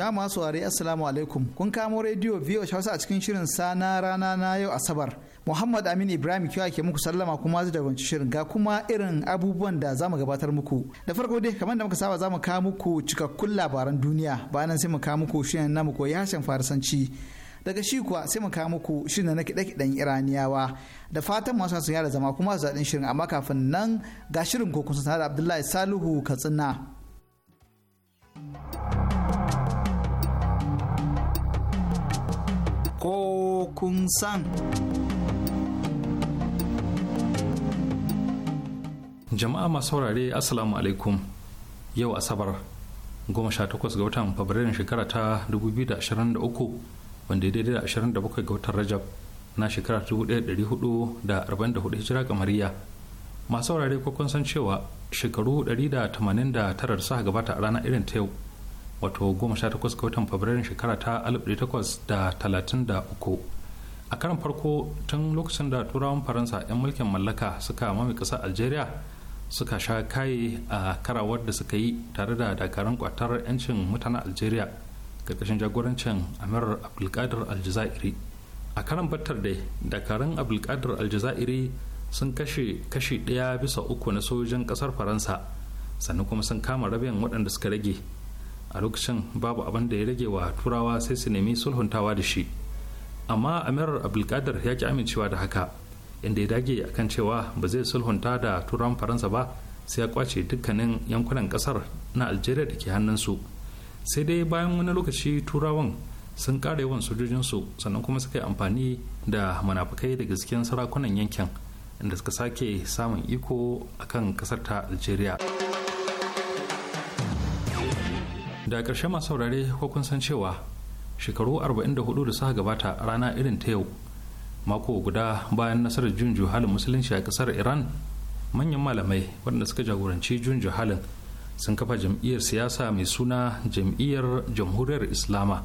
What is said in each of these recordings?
Jama'a saurari Assalamu alaikum. Kun kamo rediyo biyu Hausa a cikin shirin sana rana na yau Asabar. Muhammad Aminu Ibrahim kiwa ke muku sallama kuma zai da wancan shirin ga kuma irin abubuwan da zamu gabatar muku. Da farko dai kamar da muka saba zamu kawo muku cikakkun labaran duniya bayan sai mu kawo muku shirin namu ya harshen Farisanci. Daga shi kuwa sai mu kawo muku shirin na kiɗe-kiɗen Iraniyawa da fatan masu sun yada zama kuma su daɗin shirin amma kafin nan ga shirin kokun sun da Abdullahi Salihu Katsina. ko kun san. Jama'a masu saurare Assalamu alaikum yau Asabar 18 ga watan Fabrairun shekara ta 2023 wanda ya daidai da 27 ga watan Rajab na shekara 1444 hijira kamariya. Masu saurare kun san cewa shekaru 189 da suka gabata a ranar irin ta yau wato goma 18 ga watan fabrairun shekara ta uku a karan farko tun lokacin da turawan faransa 'yan mulkin mallaka suka mamaye kasa algeria suka sha kaye a karawar da suka yi tare da dakarun kwatar 'yancin mutanen algeria ƙarƙashin jagorancin amir abdulkadir aljazairi a karan battar da dakarun abdulkadir aljazairi sun kashe kashi ɗaya bisa uku na sojojin ƙasar faransa sannan kuma sun kama rabin waɗanda suka rage a lokacin babu abin da ya rage wa turawa sai su nemi sulhuntawa da shi amma amirar abdulkadir ya ki amincewa da haka inda ya dage a kan cewa ba zai sulhunta da turawan faransa ba sai ya kwace dukkanin yankunan kasar na algeria da ke hannunsu sai dai bayan wani lokaci turawan sun kare yawan sojojinsu sannan kuma suka yi amfani da munafukai daga cikin sarakunan yankin inda suka sake samun iko akan kasar ta algeria da ƙarshe masu saurare ko kun san cewa shekaru 44 da suka gabata rana irin ta yau mako guda bayan nasarar jun juhalin musulunci a ƙasar iran manyan malamai waɗanda suka jagoranci jun halin sun kafa jam'iyyar siyasa mai suna jam'iyyar jamhuriyar islama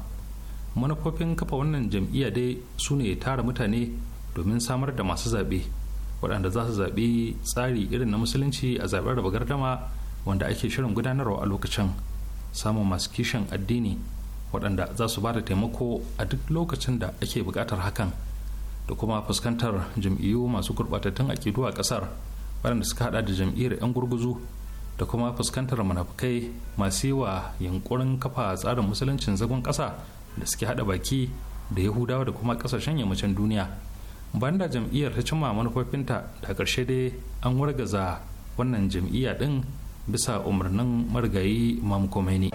manufofin kafa wannan jam'iyya dai su ne tara mutane domin samar da masu zaɓe waɗanda za su zaɓi tsari irin na musulunci a zaɓen raba gardama wanda ake shirin gudanarwa a lokacin samun masu kishin addini waɗanda za su ba da taimako a duk lokacin da ake buƙatar hakan da kuma fuskantar jam'iyyu masu gurɓatattun akidu a ƙasar waɗanda suka haɗa da jam'iyyar 'yan gurguzu da kuma fuskantar munafukai masu yi wa yunkurin kafa tsarin musuluncin zagon ƙasa da suke haɗa baki da yahudawa da kuma ƙasashen yammacin duniya banda jam'iyyar ta cimma manufofinta da ƙarshe dai an wargaza wannan jam'iyya ɗin bisa umarnin marigayi imam Khomeini.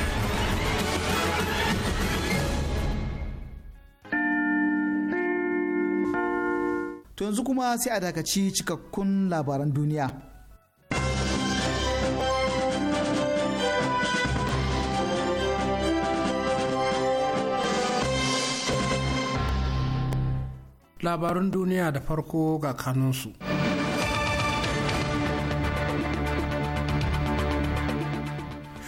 To yanzu kuma sai a dakaci cikakkun labaran duniya. Labarun duniya da farko ga kanunsu.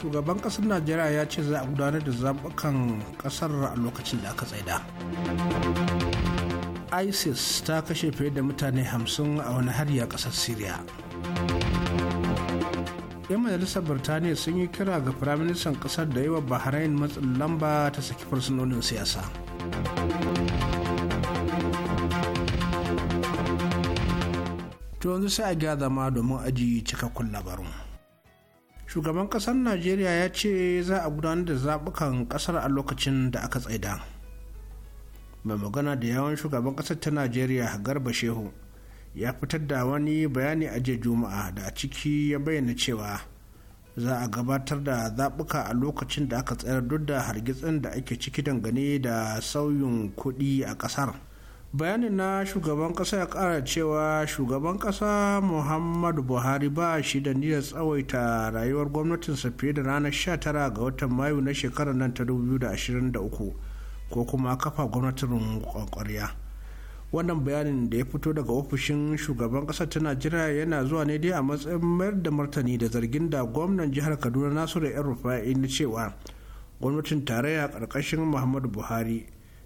shugaban ƙasar najeriya ya ce za a gudanar da zaɓukan kasar a lokacin da aka tsaida isis ta kashe fiye da mutane hamsin a wani hari a kasar syria 'yan majalisar birtaniya sun yi kira ga firaministan ƙasar da yi bahrain matsin lamba ta saki fursunonin siyasa to yanzu sai a gyara ma domin aji cikakkun labarun. shugaban kasar najeriya ya ce za a gudanar da zaɓukan kasar a lokacin da aka tsaida mai magana da yawon shugaban ƙasar ta najeriya garba shehu ya fitar da wani bayani a jiya juma'a da a ciki ya bayyana cewa za a gabatar da zaɓuka a lokacin da aka tsayar duk da hargitsin da ake ciki dangane da sauyin kuɗi a ƙasar bayanin na shugaban ƙasa ya ƙara cewa shugaban ƙasa muhammadu buhari ba shi da niyyar tsawaita rayuwar gwamnatinsa fiye da ranar 19 ga watan mayu na shekarar nan ta 2023 ko kuma kafa gwamnatin kwakwariya wannan bayanin da ya fito daga ofishin shugaban ƙasar ta najeriya yana zuwa ne dai a matsayin mayar da martani da zargin da gwamnan jihar kaduna nasiru yan rufa'i na cewa gwamnatin tarayya ƙarƙashin muhammadu buhari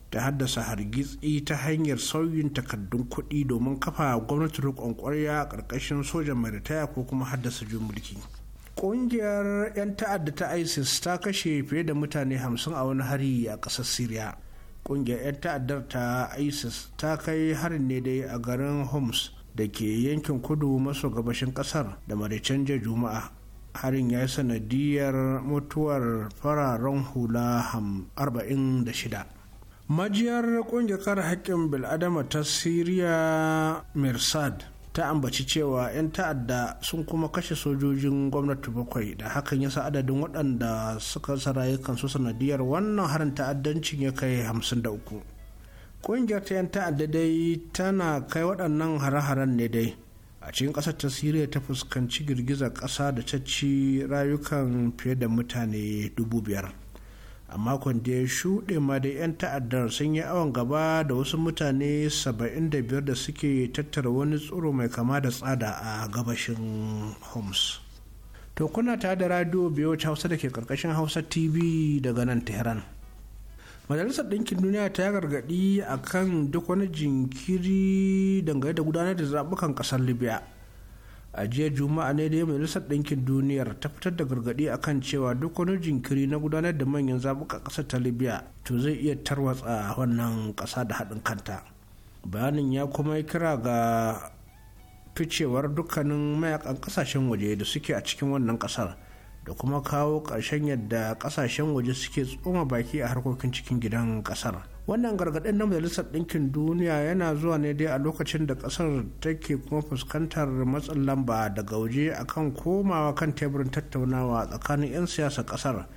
ta haddasa hargitsi ta hanyar sauyin takardun kuɗi domin kafa gwamnatin kwakwariya ƙwarya a ƙarƙashin sojan mai ritaya ko kuma haddasa jumulki mulki. ƙungiyar 'yan ta'adda ta isis ta kashe fiye da mutane hamsin a wani hari a ƙasar syria ƙungiyar 'yan ta'addar ta isis ta kai harin ne dai a garin homs da ke yankin kudu maso gabashin ƙasar da maraicen juma'a harin ya yi sanadiyar mutuwar fararen hula 46 majiyar kungiyar kare haƙƙin bil'adama ta siriya mirsad ta ambaci cewa 'yan ta'adda sun kuma kashe sojojin gwamnati bakwai da hakan yasa adadin waɗanda suka rayukan su sanadiyar wannan harin ta'addancin ya kai 53 ƙungiyar ta 'yan ta'adda dai tana kai waɗannan hare-haren ne dai a cikin ƙasar ta siriya ta fuskanci girgizar ƙasa da ta ci rayukan fiye da mutane dubu biyar. a makon da ya shuɗe ma da 'yan ta'addar sun yi awon gaba da wasu mutane 75 da suke tattara wani tsoro mai kama da tsada a gabashin homs to kuna ta da radio biyu hausa da ke karkashin hausa tv daga nan tehran majalisar ɗinkin duniya ta gargaɗi a kan duk wani jinkiri dangane da gudanar da zaɓukan ƙasar libya a jiya juma'a ne da ya majalisar ɗinkin duniyar ta fitar da gargaɗi akan cewa duk wani jinkiri na gudanar da manyan zaɓuka ƙasar ta libya to zai iya tarwatsa wannan ƙasa da haɗin kanta bayanin ya kuma yi kira ga ficewar dukkanin mayakan ƙasashen waje da suke a cikin wannan ƙasar da kuma kawo ƙarshen yadda ƙasashen waje suke tsoma baki a harkokin cikin gidan ƙasar wannan gargaɗin na majalisar ɗinkin duniya yana zuwa ne dai a lokacin da ƙasar take kuma fuskantar matsin lamba daga waje akan komawa kan teburin tattaunawa tsakanin 'yan siyasa ƙasar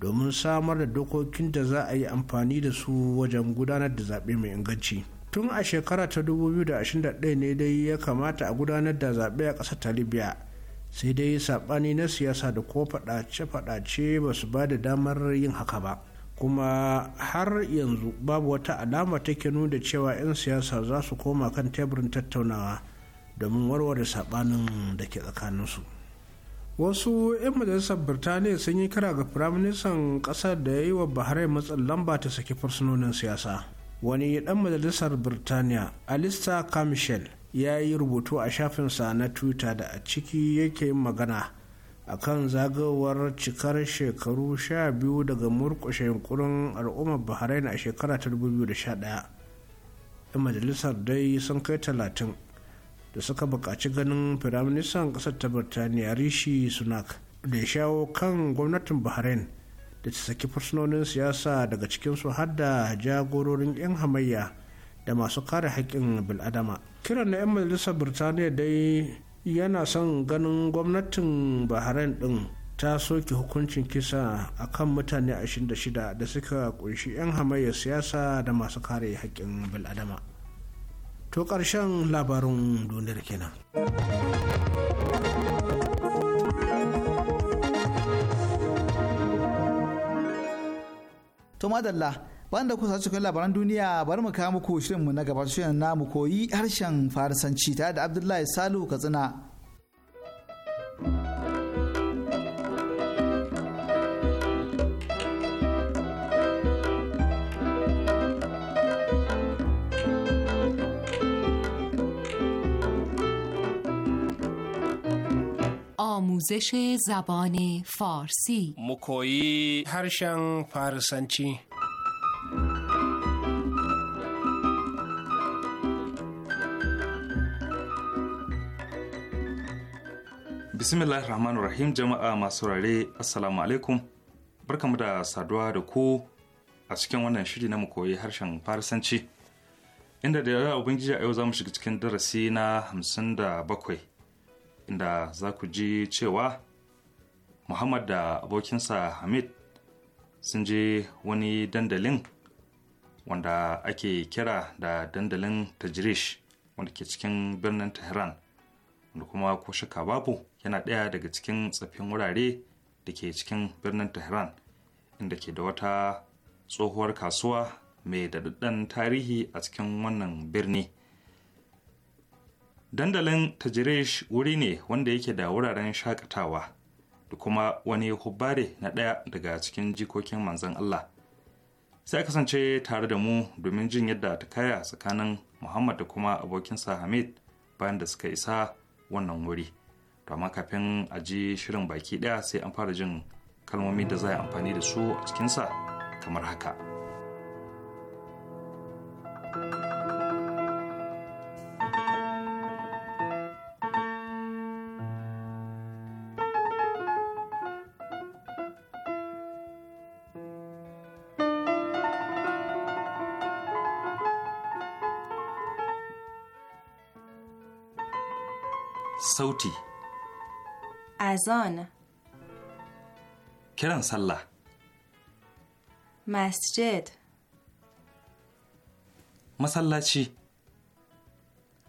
domin samar da dokokin da za a yi amfani da su wajen gudanar da zaɓe mai inganci tun a shekara ta 2021 ne dai ya kamata a gudanar da zaɓe a ƙasar ta libya sai dai saɓani na siyasa da ko faɗace-faɗace ba su ba da damar yin haka ba kuma har yanzu babu wata alama take nuna cewa 'yan siyasa za su koma kan teburin tattaunawa domin warware sabanin da ke tsakaninsu wasu 'yan majalisar birtaniya sun yi kira ga firaministan kasar da ya yi wa bahrain matsin lamba ta saki fursunonin siyasa wani dan majalisar birtaniya alista kamishel ya yi rubutu a shafinsa na twitter da a ciki yake magana a kan zagawar cikar shekaru sha biyu daga murkushe yunkurin al'ummar bahrain a shekara ta 2011 'yan majalisar dai sun kai talatin da suka buƙaci ganin firaministan ƙasar ta birtaniya rishi sunak da ya shawo kan gwamnatin bahrain da ta saki fursunonin siyasa daga cikin su da jagororin 'yan hamayya da masu kare haƙƙin bil'adama kiran na 'yan majalisar birtaniya dai yana son ganin gwamnatin bahrain din ta soke hukuncin kisa a kan mutane 26 da suka kunshi 'yan hamayyar siyasa da masu kare haƙƙin bil'adama to ƙarshen labarin duniyar kenan to madalla banda kusa cikin labaran duniya bari mu kawo muku shirin mu na gaba shirin namu koyi harshen farisanci tare da abdullahi salu katsina آموزش زبان فارسی مکویی هرشن فارسنچی bismillah rahmanu rahim jama'a masu rare assalamu alaikum barkamu da saduwa da ku a cikin wannan shiri na mu koyi harshen farisanci inda da yawa ubangiji a yau za mu shiga cikin darasi na hamsin da bakwai inda za ku ji cewa muhammad da abokinsa hamid sun je wani dandalin wanda ake kira da dandalin tajirish wanda ke cikin birnin tehran wanda kuma ko shaka babu yana ɗaya daga cikin tsaffin wurare da ke cikin birnin tehran inda ke da wata tsohuwar kasuwa mai daɗaɗɗen tarihi a cikin wannan birni dandalin tajirish wuri ne wanda yake da wuraren shakatawa da kuma wani hubbare na ɗaya daga cikin jikokin manzan allah sai kasance tare da mu domin jin yadda ta kaya tsakanin muhammad da kuma abokinsa hamid bayan da suka isa wannan wuri to amma kafin a ji shirin baki ɗaya sai an fara jin kalmomi da za a amfani da su a cikinsa kamar haka sauti ازان کران سله مسجد چی؟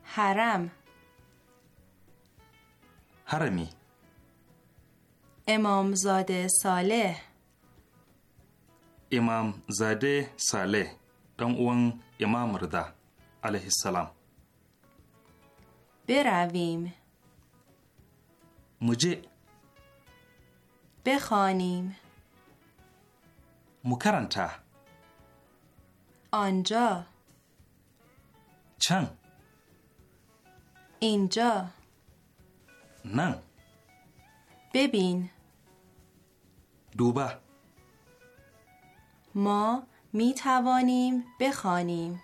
حرم حرمی زاده ساله امام زاده ساله دن اون امام رضا علیه السلام برویم مجه بخوانیم مکرنتا آنجا چن اینجا نن ببین دوبه ما می توانیم بخوانیم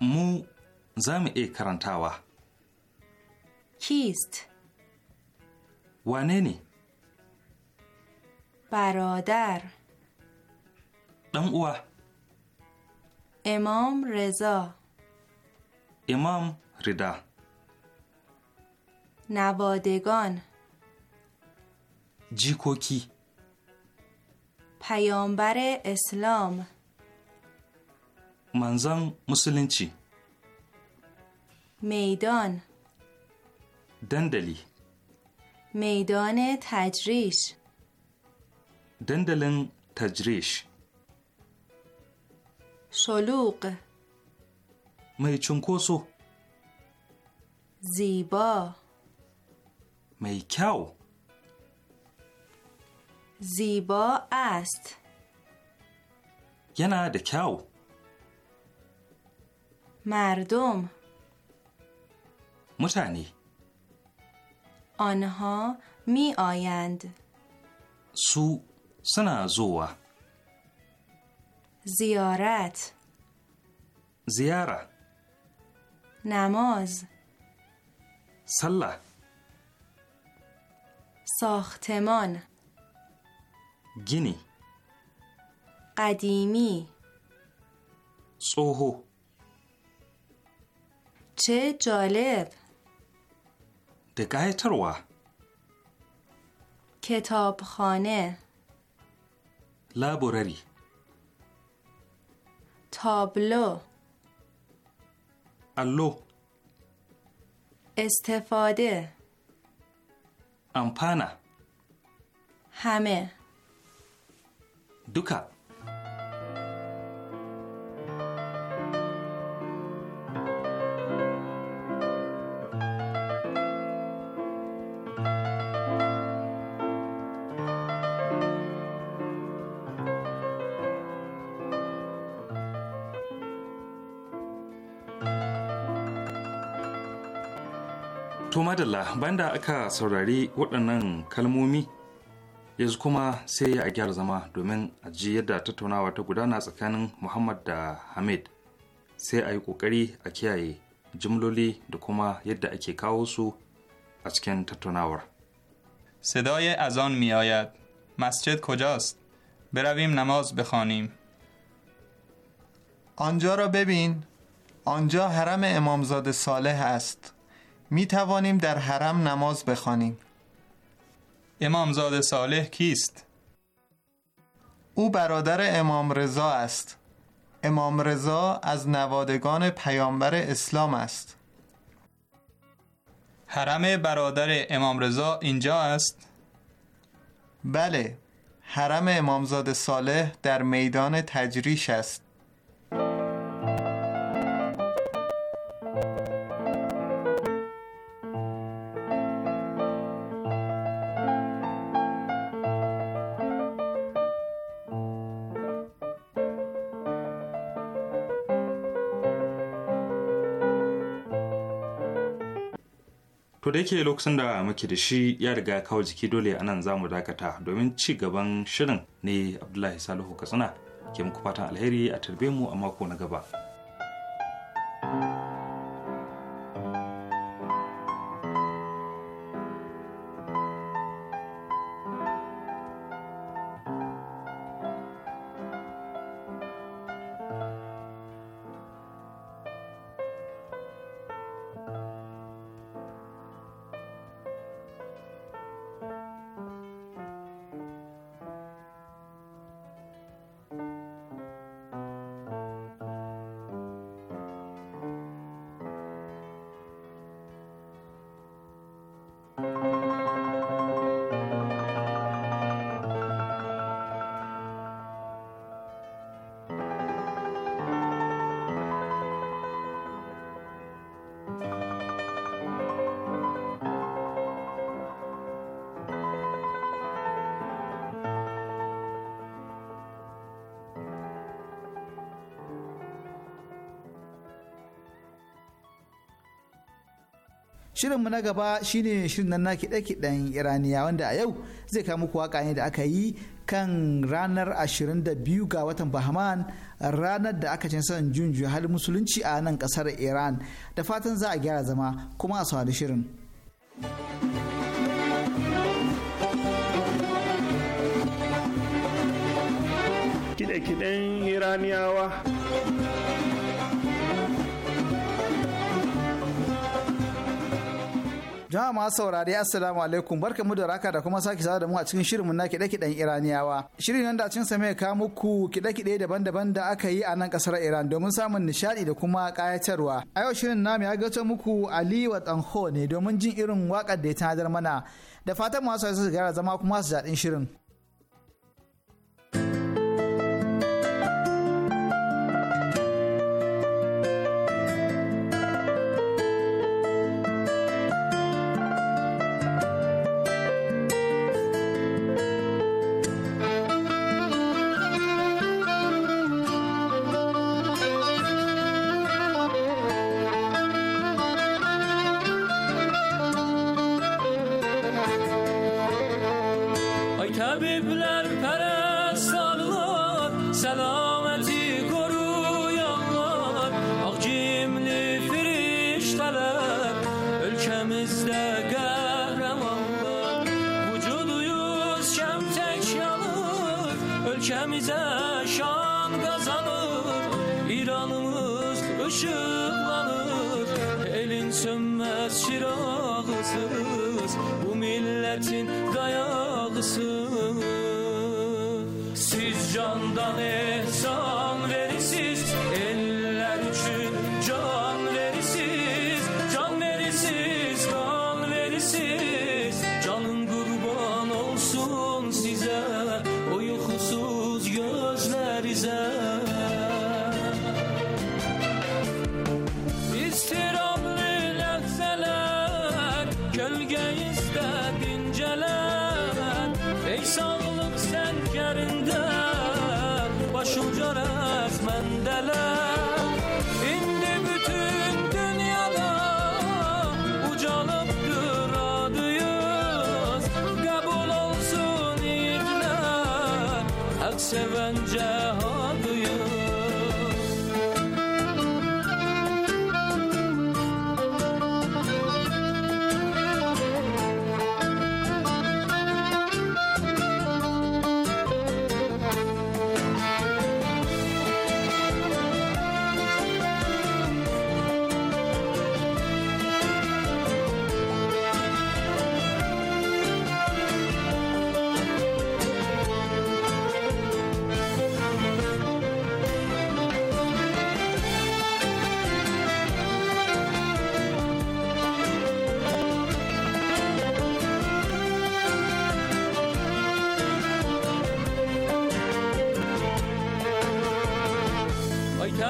مو زم ای کرنتاوه کیست؟ وانه برادر دان او امام رضا امام رضا نوادگان جیکوکی پیامبر اسلام منزان چی میدان دندلی میدان تجریش دندلن تجریش شلوغ می کوسو. زیبا می زیبا است ینا دکاو مردم متعنی آنها می آیند سو سنا زوا زیارت زیاره نماز سله ساختمان گینی قدیمی سوهو چه جالب da کتابخانه لابراری تابلو الو استفاده امپانا همه دوکا madalla banda aka saurari waɗannan kalmomi yanzu kuma sai a gyara zama domin a ji yadda tattaunawa ta gudana tsakanin muhammad da hamid sai a yi ƙoƙari a kiyaye jimloli da kuma yadda ake kawo su a cikin tattaunawar صدای اذان می آید مسجد کجاست؟ برویم نماز بخوانیم. آنجا را ببین آنجا حرم امامزاده صالح است می توانیم در حرم نماز بخوانیم. امامزاده صالح کیست؟ او برادر امام رضا است. امام رضا از نوادگان پیامبر اسلام است. حرم برادر امام رضا اینجا است؟ بله، حرم امامزاده صالح در میدان تجریش است. To da yake lokacin da muke da shi ya riga kawo jiki dole anan za mu dakata domin ci gaban shirin ne Abdullahi Salihu Katsina ke muku fatan alheri a tarbe mu a mako na gaba. Shirinmu na gaba shine shirin nan na kiɗe-kiɗen Iraniya wanda a yau zai kawo muku waka ne da aka yi kan ranar 22 ga watan bahaman ranar da aka cin son junju hali musulunci a nan ƙasar Iran da fatan za a gyara zama kuma a saurari shirin. Kiɗe-kiɗen Iraniyawa. jama'a masu saurari assalamu alaikum barka mu da raka da kuma sake sada da mu a cikin shirinmu na kiɗe-kiɗen iraniyawa shirin nan da cin sa mai kawo muku kiɗe-kiɗe daban-daban da aka yi a nan ƙasar iran domin samun nishaɗi da kuma kayatarwa. a yau shirin namu ya gato muku ali wa ne domin jin irin waƙar da ya tanadar mana da fatan masu su gara zama kuma su daɗin shirin ellerinde Başuca resmendeler İndi bütün dünyada Ucalıp duradıyız Kabul olsun iyiler Hak sevence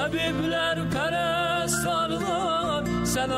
Tabipler perest sarlar sen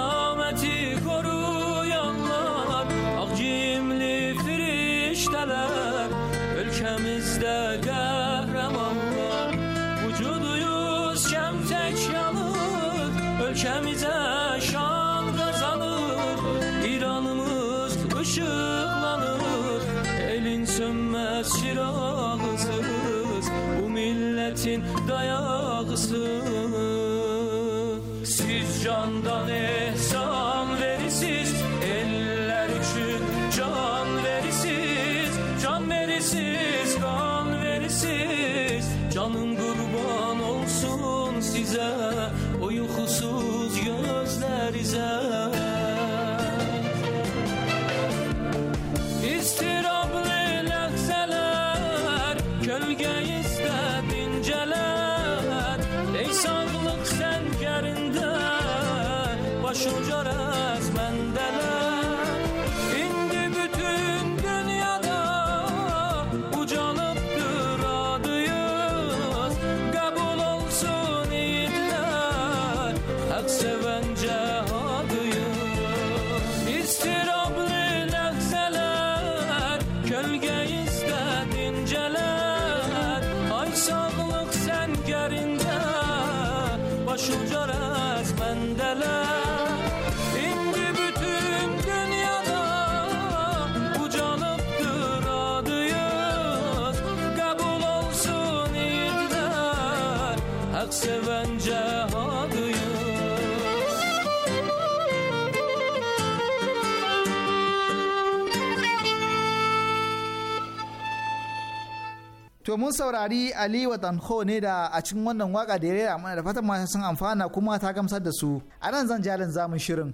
hak To mun saurari Ali Watanho ne da a cikin wannan waka da ya rera mana da fatan masu sun amfana kuma ta gamsar da su. A nan zan jalin zamun shirin.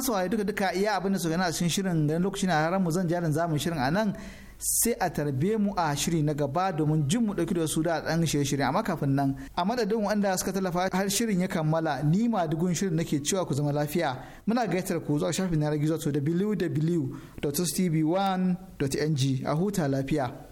su waye duka duka iya abin da su gana sun shirin ganin lokaci na haram mu zan jarin zamu shirin a nan sai a tarbe mu a shiri na gaba domin jin mu dauki da su da dan shirye shirye amma kafin nan a madadin wanda suka tallafa har shirin ya kammala ni ma dugun shirin nake cewa ku zama lafiya muna gaitar ku zuwa shafin na gizo to www.tv1.ng a huta lafiya